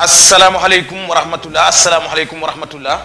asalaamaaleykum wa rahmatullah asalaamaaleykum wa rahmatullah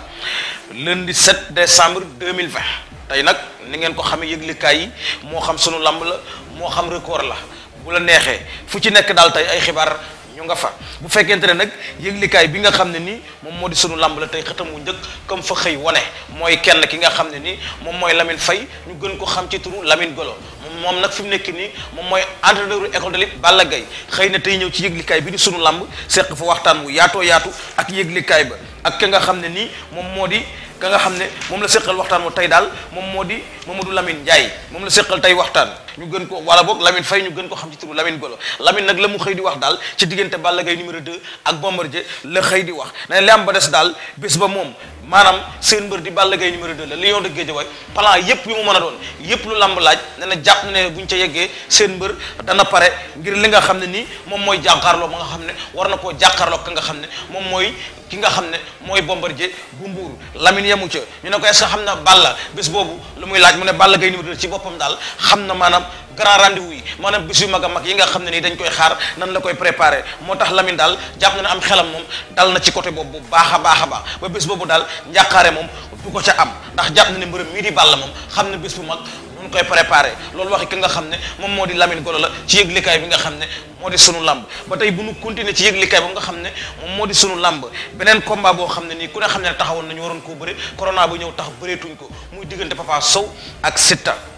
lundi 7 décembre 2020 tey nag ni ngeen ko xamee yëglikaay yi moo xam sunu lamb la moo xam record la bu la neexee fu ci nekk daal tey ay xibaar ñu nga fa bu fekkente ne nag yëglikaay bi nga xam ne nii moom moo di sunu làmb la tey xëtam wu njëkk comme fa xëy wane mooy kenn ki nga xam ne nii moom mooy Lamine Faye ñu gën ko xam ci turu Lamine Golo moom nag fi mu nekk nii moom mooy entraîneur école de lutte Balla Gaye xëy na tey ñëw ci yëglikaay bi di sunu làmb seq fu waxtaan wu yaatoo yaatu ak yëglikaay ba ak ki nga xam ne nii moom moo di ka nga xam ne moom la seqal waxtaan wu tey daal moom moo di Mamadou Lamine Ndiaye moom la seqal tey waxtaan ñu gën ko wala boog lamin Faye ñu gën ko xam ci turu Lamine Golo Lamine nag la mu xëy di wax daal ci diggante Balla Gaye numéro 2 ak Bombardier la xëy di wax ne li am ba des daal bés ba moom maanaam seen mbër di Balla Gaye numéro 2 la Lion de Guédiawaye plan yépp yu mu mën a doon yépp lu lamb laaj ne na jàpp ne buñ ca yeggee seen mbër dana pare ngir li nga xam ne nii moom mooy jàkkaarloo ba nga xam ne war na koo jàkkaarloo ka nga xam ne moom mooy ki nga xam ne mooy Bombardier bu Mbuur Lamine yamu ca ñu ne ko est-ce xam na Balla bés boobu lu muy laaj mu ne Balla Gaye numéro 2 ci boppam daal xam na maanaam grand rendez yi maanaam bis yu mag a mag yi nga xam ne nii dañ koy xaar nan la koy préparer moo tax Lamine daal jàpp na ne am xelam moom dal na ci côté boobu bu baax a baax a baax ba bés boobu daal njàqaare moom du ko ca am ndax jàpp na ne mbërëm mii di Balla moom xam ne bés bu mag ñu koy préparé loolu waxi ki nga xam ne moom moo di Lamine Golo la ci yëglikaay bi nga xam ne moo di sunu lamb ba tey bu ñu continuer ci yëglikaay ba nga xam ne moom moo di sunu lamb beneen combat boo xam ne nii ku ne xam ne taxawoon nañu waroon koo bëri corona bu ñëw tax bëreetuñ ko muy diggante Papa Sow ak Siteu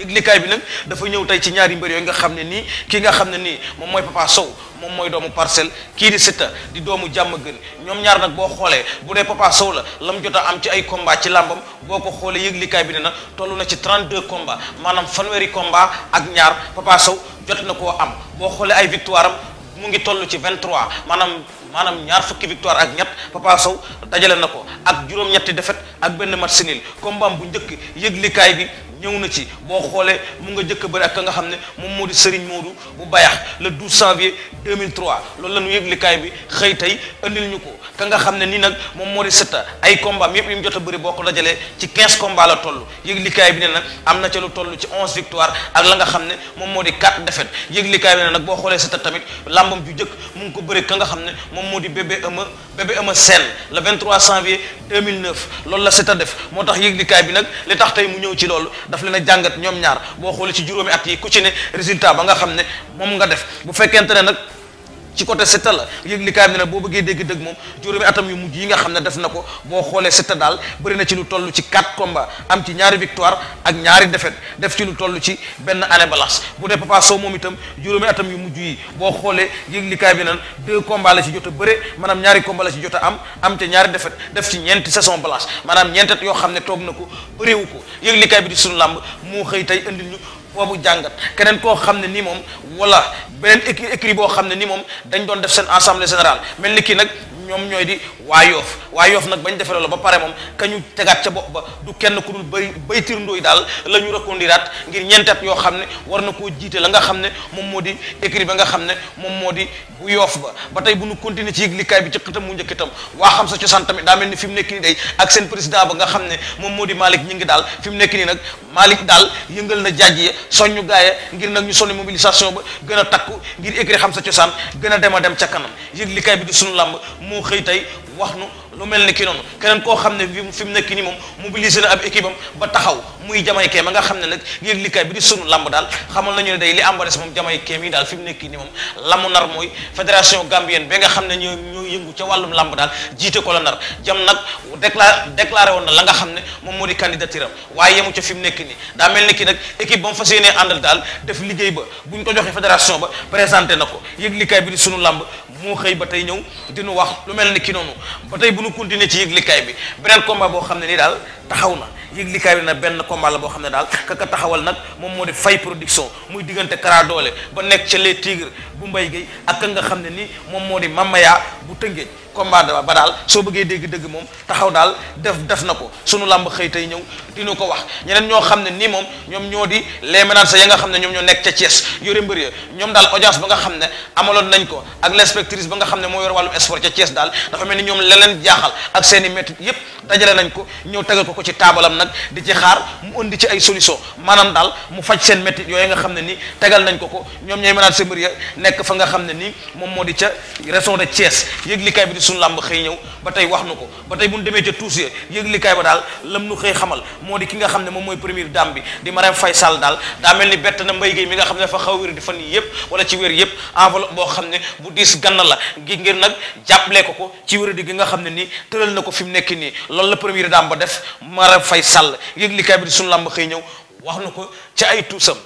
yëglikaay bi nag dafa ñëw tey ci ñaari mbër yooyu nga xam ne nii kii nga xam ne nii moom mooy Papa Sow moom mooy doomu parcelle kii di Siteu di doomu jàmm gën ñoom ñaar nag boo xoolee bu dee Papa Sow la lam jot a am ci ay combat ci làmbam boo ko xoolee yëglikaay bi ne na toll na ci 32 combat maanaam fanweeri komba ak ñaar Papa Sow jot na koo am boo xoolee ay victoire am mu ngi toll ci 23 maanaam maanaam ñaar fukki victoire ak ñett Papa Sow dajale na ko ak juróom-ñetti defet ak benn match nul combat bu njëkk yëglikaay bi ñëw na ci boo xoolee mu nga jëkk bëri ak nga xam ne moom moo di Serigne Modou bu bayax le 12 janvier 2003 loolu la ñu yëglikaay bi xëy tey andil ñu ko nga xam ne nii nag moom moo di Siteu ay combat yëpp yi mu bëri boo ko dajalee ci 15 combat la toll yëglikaay bi ne nag am na ca lu toll ci 11 victoire ak la nga xam ne moom moo di 4 défaite yëglikaay bi ne nag boo xoolee Siteu tamit lambam ju jëkk mu ngi ko bëri ka nga xam ne moom moo di bébé Eumeu bébé Eumeu Sène le 23 janvier 2009 loolu la Siteu def moo tax yëglikaay bi nag li tax tey mu ñëw ci loolu daf leen a jàngat ñoom ñaar boo xoolee ci juróomi at yi ku ci ne résultat ba nga xam ne moom nga def bu fekkente nag. ci côté Siteu la yëglikaay bi ne boo bëggee dégg dëgg moom juróomi atam yu mujj yi nga xam ne def na ko boo xoolee Siteu daal bëri na ci lu toll ci 4 combats am ci ñaari victoire ak ñaari defet def ci lu toll ci benn année balance bu dee Papa Sow moom itam juróomi atam yu mujj yi boo xoolee yëglikaay bi nan deux combats la ci jot a bëre maanaam ñaari combats la ci jot a am am ca ñaari defet def ci ñeenti saison balance maanaam ñeenti yoo xam ne toog na ko bëreewu ko yëglikaay bi di sunu làmb moo xëy tey indil ñu boobu jàngat keneen koo xam ne ni moom wala beneen écrit écrit boo xam ne ni moom dañ doon def seen assemblée général mel ni kii nag ñoom ñooy di waa yoof waa yoof nag bañ defee loolu ba pare moom ka ñu tegaat ca bopp ba du kenn ku dul bay bay tirndooy daal la ñu recondiraat ngir ñeentaat yoo xam ne war na koo jiite la nga xam ne moom moo di écrit ba nga xam ne moom moo di bu yoof ba ba tey bu ñu continuer ci yëglikaay bi ci xëtam mu njëkk itam waa xam sa cosaan tamit daa mel ni fi mu nekk nii day ak seen président ba nga xam ne moom moo di Malick ñi ngi daal fi mu nekk nii nag Malick daal yëngal na jaaj ya soññu gaaya ngir nag ñu sonni mobilisation ba gën a takku ngir écrit xam sa cosaan gën a dem a dem ca kanam yëglikaay bi di sunu làmb xëy tey wax nu lu mel ni ki noonu keneen koo xam ne fi mu nekk nii moom mobilisé na ab équipe am ba taxaw muy jamaykee ma nga xam ne nag yéeg likaay bi di sunu lamb daal xamal nañu ne day li ambades moom jamaykee mi daal fi mu nekk nii moom lamu nar mooy fédération gambienne bi nga xam ne ñoo ñoo yëngu ca wàllum daal jiite ko la nar jam nag décla déclaré woon na la nga xam ne moom moo di candidature am waaye yemu ca fi mu nekk nii daa mel ni ki nag équipe ba mu fas yéenee àndal daal def liggéey ba bu ñu ko joxee fédération ba présenté na ko yéeg likaay bi di sunu lamb moo xëy ba tey ñëw dinu wax lu mel ni ki noonu ba tey bu ñu ñu continuer ci yëglikaay bi beneen combat boo xam ne ni daal taxaw na yëglikaay bi na benn combat la boo xam ne daal kaka taxawal nag moom moo di fay production muy diggante Kara Doole ba nekk ca les bu Mbaye Guèye ak ka nga xam ne ni moom moo di Mamaya bu Tëngéej combat ba daal soo bëggee dégg-dëgg moom taxaw daal def def na ko sunu làmb xëy tey ñëw dinu ko wax ñeneen ñoo xam ne nii moom ñoom ñoo di les menaces ya nga xam ne ñoom ñoo nekk ca Thiès yore mbër ya ñoom daal audience ba nga xam ne amaloon nañ ko ak l'inspectrice ba nga xam ne moo yor wàllum sport ca Thiès daal dafa mel ni ñoom la leen jaaxal ak seen i yépp dajale nañ ko ñëw tegal ko ko ci nag di ci xaar mu indi ci ay solution maanaam daal mu faj seen métti yooyu nga xam ne ni tegal nañ ko ko ñoom ñooy mënaat sëmbër ya nekk fa nga xam ne ni moom moo di ca bi di suñu làmb xëy ñëw ba tey wax ba tey bu ba daal lam nu xëy xamal moo di ki nga xam ne moom mooy première dame bi di Marème Faye Sall daal daa mel ni bett na mbay géey mi nga xam ne dafa xaw wér di fan yi yëpp wala ci wér yëpp enveloppe boo xam ne bu diis gann la gi ngir nag jàppale ko ko ci wér di gi nga xam ne nii tëral na ko fi mu nekk nii loolu la première dame ba def Marème Faye Sall yëg li kaay bi di sunu làmb xëy ñëw wax na ko ci ay tuusam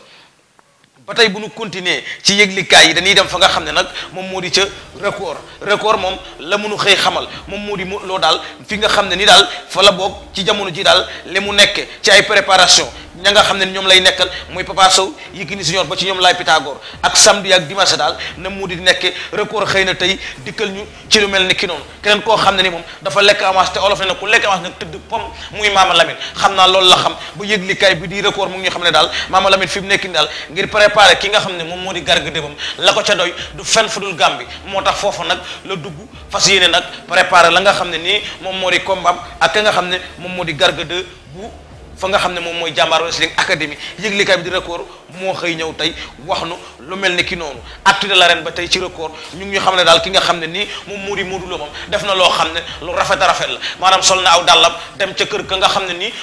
ba tey bu ñu continuer ci yëglikaay yi dañuy dem fa nga xam ne nag moom moo di ca record record moom la mënu xëy xamal moom moo di loo daal fi nga xam ne ni daal fa la bokk ci jamono ji daal li mu nekk ci ay préparation ña nga xam ne ñoom lay nekkal muy Papa Sow Yékini Junior ba ci ñoom laay Pythagore ak samedi ak dimanche daal na mu di nekkee record xëy na tey dikkal ñu ci lu mel ni ki noonu keneen koo xam ne ni moom dafa lekk avance te ku lekk avance nag tëdd pom muy xam naa loolu la xam ba yëglikaay bi di record mu xam ne daal Maama Lamine fi mu nekk ni daal ngir préparer ki nga ne moom moo di garga débam la ko ca doy du fenn fu dul Gàmbi moo tax foofa nag la dugg fas yéene nag préparer la nga xam ne nii moom moo di combat ak ka nga xam ne moom moo di garga de bu fa nga xam ne moom mooy jàmbaar wrestling académie yëglikaay bi di record moo xëy ñëw tey wax nu lu mel ni ki noonu actu de ba tey ci record ñu ñu xam ne daal ki nga xam ne moom moo di Modou Lo moom def na loo ne lu rafet a rafet la maanaam sol na aw dàllam dem ca kër ka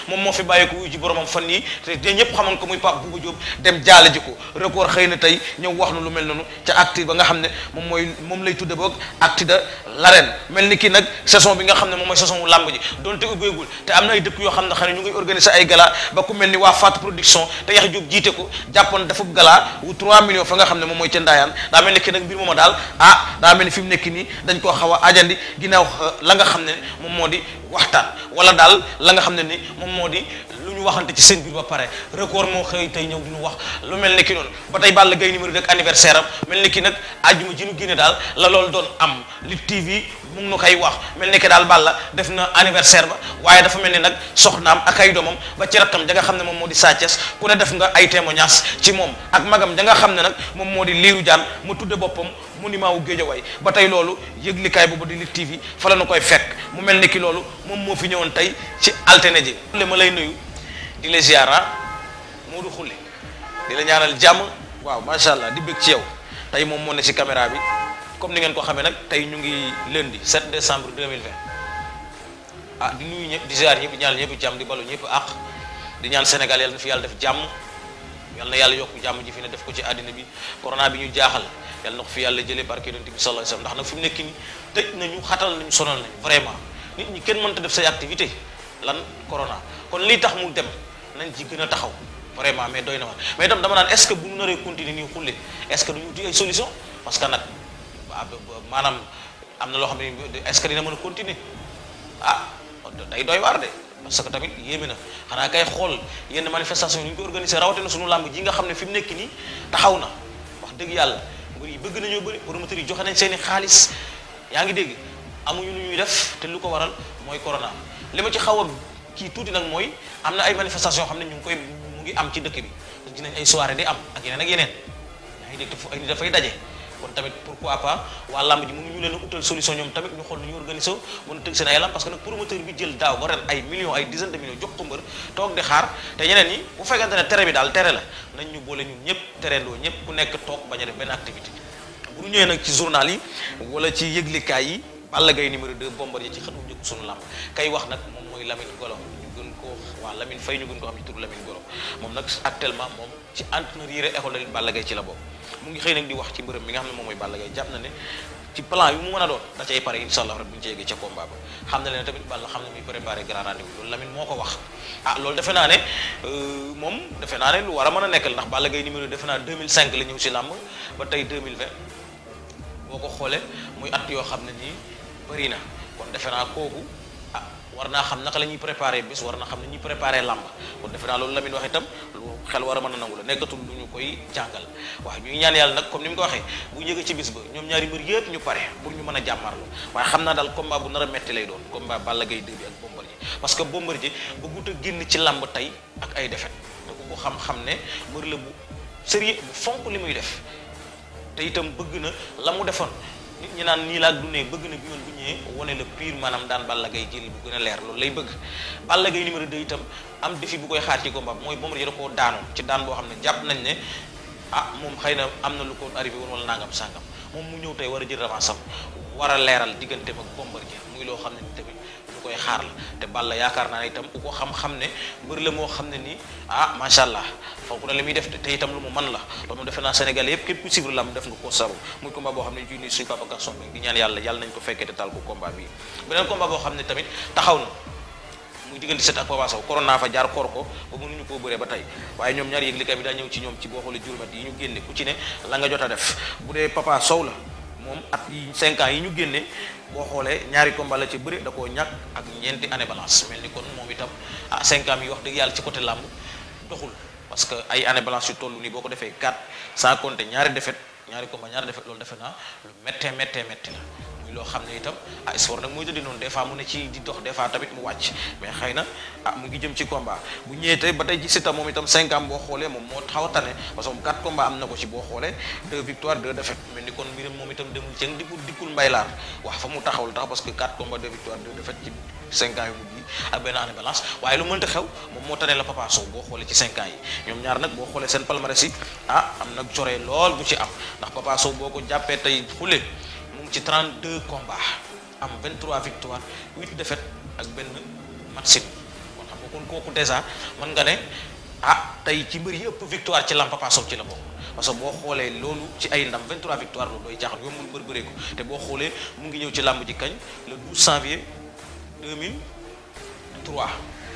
moom moo fi bàyyeeku wuyu ji boromam fan yii te te ñëpp xamoon ko muy Pape Bouba Diop dem ko record na tey ñëw wax nu lu mel noonu ca actu ba nga xam ne moom mooy moom lay tudde boog actu la l'arène mel ni ki nag saison bi nga xam ne moom mooy saison wu làmb ji donte ubbeegul te am na ay dëkk yoo xam ne xëy na ñu ngi organiser ay gala ba ku mel ni waa Fatou production te yax jub jiite ko jàppoon dafa gala wu 3 millions fa nga xam ne moom mooy ca Ndaayaan daa mel ni ki nag mbir mooma daal ah daa mel ni fi mu nekk nii dañ koo xaw a ajandi ginnaaw euh, la nga xam ne moom moo di waxtaan wala daal la nga xam ne ni moom moo di ñu waxante ci seen biir ba pare record moo xëy tey ñëw diñu wax lu mel ne ki noonu ba tey Balla Gaye numéro rek anniversaire mel ne ki nag àjjuma ji ñu génne daal la loolu doon am li TV mu ngi nu koy wax mel ni ki daal la def na anniversaire ba waaye dafa mel ne nag soxnaam ak ay doomam ba ci rakkam ja nga xam ne moom moo di Sa ku ne def nga ay témoignages ci moom ak magam ja nga xam ne nag moom moo di liiru jaan mu tudde boppam monument wu Géejawaay ba tey loolu yëglikaay boobu di Lutte TV fa la ñu koy fekk mu mel ni ki loolu moom moo fi ñëwoon tey ci altine ji di la ziara Modou Khoule di la ñaanal jàmm waaw macha allah di bëgg ci yow tey moom moo ne ci caméra bi comme ni ngeen ko xamee nag tey ñu ngi lundi 7 décembre 2020 ah di nuyu ñëpp di ziar ñëpp di ñaanal ñëpp jàmm di balu ñëpp di ñaan Sénégal yàlla fi yàlla def jàmm yàlla na yàlla yokk jàmm ji fi ne def ko ci àddina bi corona bi ñu jaaxal yàlla na fi yàlla jëlee barke yonent bi sallallahu alayhi wasallam ndax nag fi mu nekk nii tëj nañu xatal nañu sonal nañu vraiment nit ñi kenn mënta def sa activité lan corona kon lii tax mu dem nañ ci gën a taxaw vraiment mais doy na waar mais itam dama naan est ce que bu ñu naree continuer nii xulle est ce que uti ay solution parce que nag maanaam am na loo xam ne est ce que dina mën a continuer ah day doy waar de parce que tamit yéeme na xanaa kay xool yenn manifestation yi ñu ko organisé na suñu làmb ji nga xam ne fi mu nekk nii taxaw na wax dëgg yàlla mbir yi bëgg nañoo bëri promoteurs yi joxe nañ seen i xaalis yaa ngi dégg amuñu lu ñuy def te lu ko waral mooy corona li ma kii tuuti nag mooy am na ay manifestation xam ne ñu ngi koy mu ngi am ci dëkk bi dinañ ay soirée di am ak yeneen pas waa lamb ji mënuñu leen a utal solution ñoom tamit ñu xool nu ñu organiser mën a tëgg seen ay lamb parce que nag promoteur bi jël daaw ba ren ay millions ay dizaine de millions mbër toog di xaar te ñeneen ñi bu fekkante ne tere bi daal tere la nañ ñu boole ñun ñëpp tereendoo ñëpp ku nekk toog bañ a def benn activité bu ñu ñëwee nag ci journal yi wala yi Balla Gaye numéro 2 Bombardier ci xët wu njëkk sunu wax nag muy Golo moom nag actuellement moom ci entraîneur yi école Lamine Balla Gaye ci la bokk mu ngi xëy nag di wax ci mbërëm mi nga xam ne moom mooy Balla Gaye jàpp na ne ci plan yu mu mën a doon da cay pare incha allah rek bu na leen tamit Balla xam ne muy préparé grand rendez ah, naa ne euh, moom defe naa ne lu war a mën a nekkal ndax Balla Gaye numéro defe naa la ñëw si làmb ba tey boo ko xoolee muy at yoo xam ne nii bëri na kon defe naa kooku war naa xam na la ñuy préparé bés war naa xam ne ñuy préparé làmb kon defe naa loolu Lamine wax itam lu xel war a man a nangu la nekkatul lu ñu koy jàngal waaw ñuy ñaan yàlla nag comme ni mu ko waxee bu njëkk ci bis ba ñoom ñaari mbër yëpp ñu pare pour ñu mën a jàmmarlu waaye xam naa daal combat bu nar a metti lay doon combat Balla Gaye 2 bi ak Bombardier parce que Bombardier bëggut a génn ci làmb tey ak ay defet te ku ko xam-xam ne mbër la bu sérieux bu fonk li muy def te itam bëgg na la mu defoon nit ñi naan nii laa dundee bëgg na bi yoon bu ñëwee wane la pire maanaam daan Balla Gaye jël bu gën a leer loolu lay bëgg Balla Gaye numéro 2 itam am défi bu koy xaar ci combat mooy Bombardier da koo daanoon ci daan boo xam ne jàpp nañ ne ah moom xëy na am na lu ko arrivé woon wala nangam sàngam moom mu ñëw tey war a jël revanche am war a leeral digganteem ak Bombardier muy loo xam ne tamit bu koy xaar la te la yaakaar naa ne itam ku ko xam-xam ne mbër la moo xam ne nii ah macha allah foog na li muy def te itam lu mu man la loolu moom defe naa Sénégal yëpp képp ku suivre lam def nga ko saru muy xam ne juni suñu Papa Gaston bi ko fekkee tal ko combat bi beneen combat tamit taxaw na muy diggante set ak Papa Sow corona fa jaar koor ko ba mënuñu koo bëree ba tey waaye ñoom ñaari yëglikaay bi daa ñëw ci ñoom ci boo xoolee yi ñu génne ku ci ne la nga jot a def bu dee Papa Sow la moom at yi cinq yi ñu génnee boo xoolee ñaari combat la ci bëri da koo ñàkk ak ñeenti année balance mel ni kon moom itam ah cinq yi wax dëgg yàlla ci côté làmb doxul parce que ay année balance yu toll nii boo ko defee quatre sans compter ñaari defet ñaari combat ñaari défaite loolu defe naa lu méttee méttee métti la loo xam ne itam ah sport nag mooy tëddi noonu des fois mu ne ci di dox des tamit mu wàcc mais xëy na ah mu ngi jëm ci combat bu ñëwee tey ba tey ci Siteu moom itam 5 ans boo xoolee moom moo xaw a tane parce ci boo xoolee ni kon mbiram moom itam demul cëng dikkul dikkul mbay laar wax fa mu taxaw la tax parce ak benn année waaye lu mënta xew moom moo tane la Papa Sow boo xoolee ci 5 ans yi ñoom ñaar nag boo xoolee seen palmarès yi ah am nag coree lool bu ci am ndax Papa Sow boo ko jàppee tey xule ci 32 combats am 23 victoires 8 défaites ak benn match kon xam nga kon kooku dèjà mën nga ne ah tey ci mbir yi ëpp victoire ci lam Papa ci la bokk parce que boo xoolee loolu ci ay ndam 23 victoire loolu doy jaaxal yow mun bër bëree ko te boo xoolee mu ngi ñëw ci làmb ji kañ le 12 janvier 2003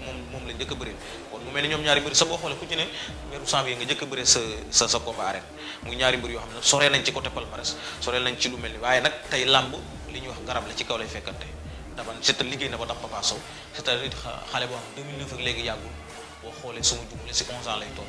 moom moom la njëkk a bëri kon mu mel ni ñoom ñaari mbir sa boo xoolee ku ci nga njëkk a sa sa sa combat arène muy ñaari mbir yoo xam ne soree nañ ci côté palmarès soree nañ ci lu mel ni waaye nag tey làmb li ñuy wax garab la ci kaw lay fekkante daban Siteu liggéey na ba tax Papa Sow Siteu xale boo xam 2009 ak léegi yàggul boo xoolee suma jumle si 11 ans lay toll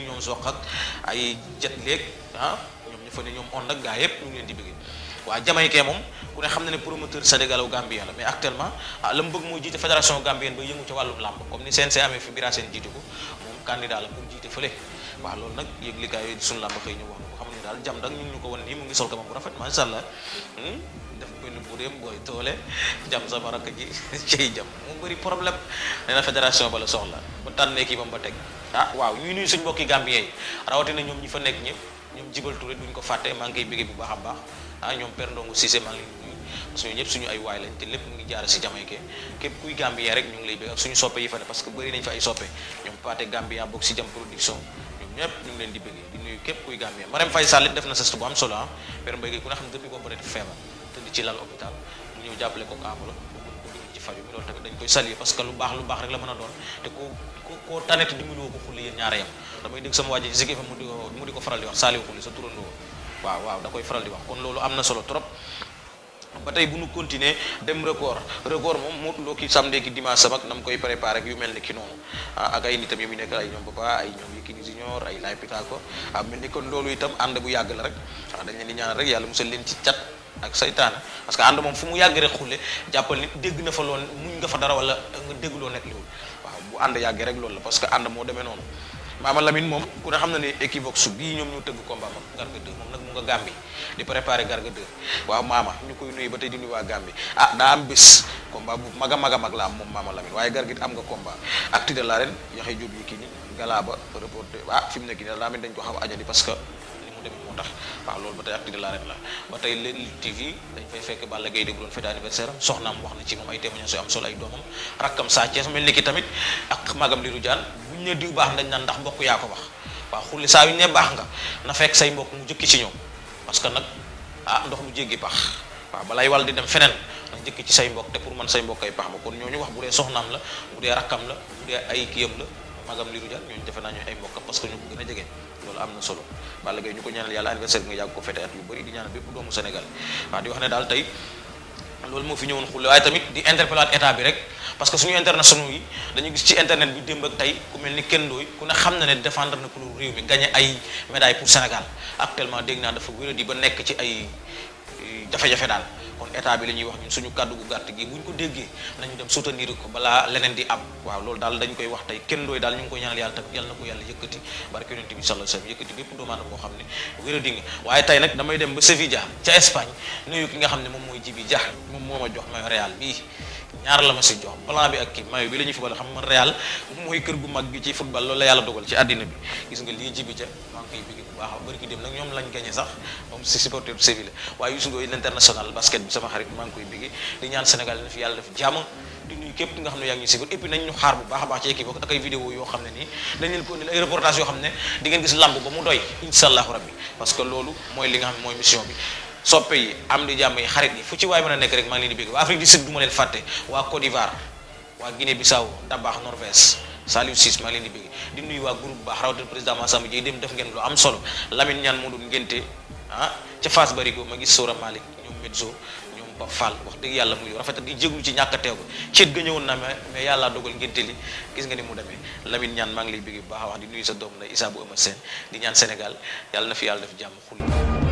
ñoom soq ak ay jet léeg ah ñoom ñu fa ne ñoom ond gaa yëpp ñu leen di bëggee waa jamaykee moom ku ne xam ne promoteur sénégalais gambien la mais actuellement ah la mu bëgg mooy jiite fédération gambienne ba yëngu ca wàllum làmb comme ni CNG amee fi bira seen jiite ko moom candidat la pour jiite fële waaw loolu nag yëg likaay yooyu suñu làmb xëy ñu wax ko xam ne daal jam dag ñu ngi ñu ko wan nii mu ngi sol gamam bu rafet macha allah hmm? def benn buréem booy toole jam sama ba la soxla ba tànnee kii bam ba teg ah waaw ñuy nuyu suñ mbokki Gambien yi rawatina ñoom ñi fa nekk ñëpp ñoom jibal Touré duñ ko fàtte maa ngi bu baax a baax ah ñoom Père Ndongo Cissé maa ngi leen suñu ay waay lañ te lépp mu ngi jaare si Jamaïque képp kuy Gambien rek ñu ngi lay bégg suñu soppe yi fa ne parce que bëri nañ fa ay soppe ñoom Paate Gambia bokk si jam production ñoom ñëpp ñu leen di bëggee di képp kuy gàmmee Marème Faye Sall it def na sëstu bu am solo ah Père Mbaye Gueye ku ne xam ne depuis boobu dafa feebar tëdd ci lal hôpital mu ñëw jàppale ko kaamala loolu tamit dañ koy saluer parce que lu baax lu baax rek la a doon te ku ku koo tanete dimbali woo ko xulli yéen ñaare yam damay dégg sama wàaje ci Zik FM mu di ko faral di wax saaliwu xulli sa turandoo waaw waaw da koy faral di wax kon loolu am na solo trop ba tey bu nu continuer dem record record moom Modou Lo ki samedi ki dimanche sama nam koy préparé ak yu mel ni ki noonu ah, ak ay nitam yi mu nekk ay ñoom papa ay ñoom Yékini Junior ay Laay Pitako ah mel ni kon loolu itam ànd bu yàgg la rek waaw ah, dañ leen di ñaanal rek yàlla musal leen ci cat ak saytaane parce que ànd moom fu mu yàgg rek xulle jàppal nit dégg na fa lool muñ nga fa dara wala nga dégg loo nekk liwul waaw bu ànd yàggee rek loolu la parce que ànd moo Maama Lamine moom ku ne xam na ne Equivox bii ñoom ñoo tëgg combat moom Garga 2 moom nag mu nga Gàmbi di préparer Garga 2 waaw Maama ñu koy nuyu ba tey di nuyu waa Gàmbi ah daa am bés combat bu mag a mag a mag la am moom Maama Lamine waaye Garga it am nga combat acte de l'arène Yaxya Jóob Yékini Galaaba reporté ah fi mu nekk nii daal daa mel dañ ko xaw a ajandi mu demee moo tax waaw loolu ba tey acte de l'arène la ba tey leen TV dañ fay fekk Balla Gaye de bu doon fête anniversaire am soxnaam wax na ci moom ay témoignages yu ay doomam rakkam Sa Thiès mel ni ki tamit ak magam Lirou Diane buñ ne diw baax nañ naan ndax mbokk yaa ko wax waaw xulli saa yu ne baax nga na fekk say mbokk mu jëkki ci ñoom parce que nag ah ndox mu jéggi baax waaw balay wal di dem feneen na jëkki ci say mbokk te pour man say mbokk ay ma ba kon ñooñu wax bu dee soxnaam la bu dee rakkam la bu dee ay kiyam la magam Lirou Diane ay mbokk parce que ñu am na solo Balla Gaye ñu ko ñaanal yàlla anniversaire bi nga yàgg ko fete at yu bëri di ñaanal bépp doomu Sénégal waaw di wax ne daal tey loolu moo fi ñëwoon xulle waaye tamit di interpellaat état bi rek parce que suñu internationaux yi dañu gis ci internet bi démb ak tey ku mel ni kenn Ndoye ku ne xam na ne défendre na couleur réew mi gagné ay médaille pour Sénégal actuellement dégg naa dafa wéra di ba nekk ci ay jafe-jafe daal kon état bi la ñuy wax ñun suñu kàddugu gu gàtt gi buñ ko déggee nañu dem soutenir ko balaa leneen di am waaw loolu daal dañ koy wax tey kenn dooy daal ñu ngi ko ñaanal yàlla tam yàlla ko yàlla yëkkati barke yonent bi sallallahu alayhi wasallam yëkkati bépp xam ne wéra waaye tey nag damay dem ba Sevilla ca Espagne nuyu ki nga xam ne moom mooy Jibi Dia moom moo ma jox ma Real bii ñaar la ma si jox plan bi ak kii mayo bi la ñuy football xam nga Real mooy kër gu mag gi ci football loolu la yàlla dogal ci àddina bi gis nga lii jibi ca maa ngi koy bigi bu baax a ki dem nag ñoom lañ gañe sax moom si supporter Séville baax a baax ci équipe ak ay vidéo yoo xam ne nii dañ leen ko reportage yoo xam ne di gis làmb ba mu doy incha allahu rabbi parce que loolu mooy li nga xam ne mooy mission bi soppe yi am di jàmm yi xarit yi fu ci waay mën a nekk rek maa ngi leen di bëgg waa Afrique du Sud du ma leen fàtte waa Côte d'Ivoire waa Guinée Bissau Dabax Norvège Saliou Ciss maa ngi leen di bëgg di nuyu waa groupe baax rawatina président Massamba Dieye dem def ngeen lu am solo Lamine Niane moo doon ngénte ah ca Fass Barigo ma gis soo Malick ñoom Medzo ñoom Ba Fall wax dëgg yàlla muy rafet di jéglu ci ñàkk a teew ceet ga ñëwoon na mais mais yàlla dogal ngénte gis nga mu demee Lamine Niane maa ngi lay baax wax di sa doom la Issa bu Eumeu Sène di na fi yàlla def jàmm xul